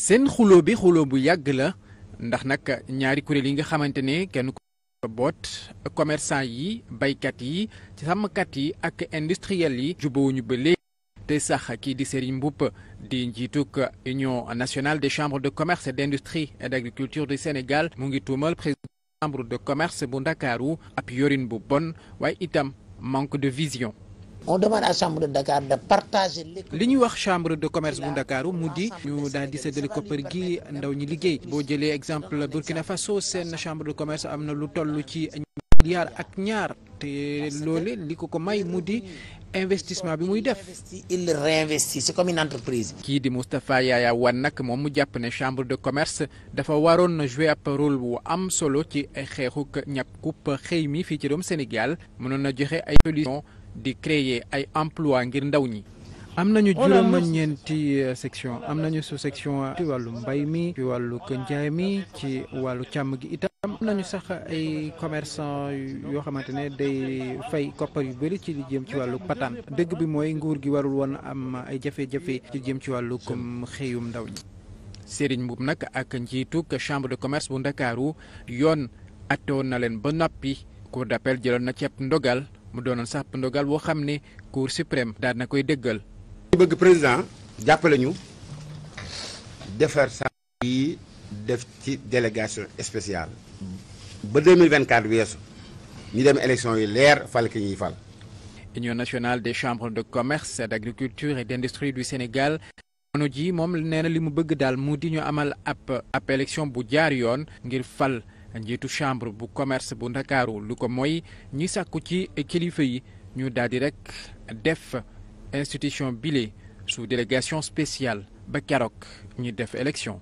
seen xuloo bi xuloo bu yàgg la ndax nag ñaari kuréel yi nga xamante ne kenn ko boot commerçant yi baykat yi sàmmkat yi ak industriel yi jubóowuñu ba léegi te sax kii di Serigne Mboup di njiitug Union nationale des chambres de commerce et d'industrie et d'agriculture du Sénégal mu ngi tuumal président de commerce bu Ndakaaru ab yorin bu bon waaye itam manque de vision on demande à chambre de Dakar de partager li ñuy wax chambre de commerce bu Ndakaaru mu di ñu daal di séddale koppar gi ndaw ñi liggéey boo jëlee exemple Burkina Faso seen chambre de commerce am na lu toll ci milliard ak ñaar te loole li ko ko may mu di investissement bi muy def. il réinvestit c'est comme une entreprise. kii di Moustapha Yaya Wane nag moom mu jàpp ne chambre de commerce dafa waroon na jouer ab rôle bu am solo ci xeexuk ñàkk kupp xëy mi fii ci doom Sénégal mënoon na joxe ay solution di créer ay emploi ngir ndaw ñi. am nañu juróom ñeenti euh, section am nañu sous section ci wàllu mbay mi ci wàllu njaay mi ci wàllu càmm gi itam am nañu sax ay commerçant yoo xamante ne day fay koppar yu bëri ci li jëm ci wàllu patente dëgg bi mooy nguur gi warul woon am ay jafe-jafe ci jëm ci wàllu comme xëyum ndaw ñi. Serigne Mboup nag ak njiitu chambre de commerce bu Ndakaaru yoon attewoon na leen ba noppi cour d'appel jëloon na ceeb ndogal mu doonoon sax ndogal boo xam ne cour suprême daal na koy dëggal. ñu bëgg président jàppale ñu defar saa yi def ci délégation spéciale ba 2024 weesu ñu dem élection yi leer fal ki ñuy fal. Union nationale des chambres de commerce d'agriculture et d'industrie du Sénégal mono ji moom nee na li mu bëgg daal mu di ñu amal ab ab bu jaar yoon ngir fal njiitu chambre bu commerce bu ndakaaru lu ko mooy ñi sàkku ci kilifa yi ñu daal di rek def institution bile sous délégation spéciale ba keroog ñi def élection.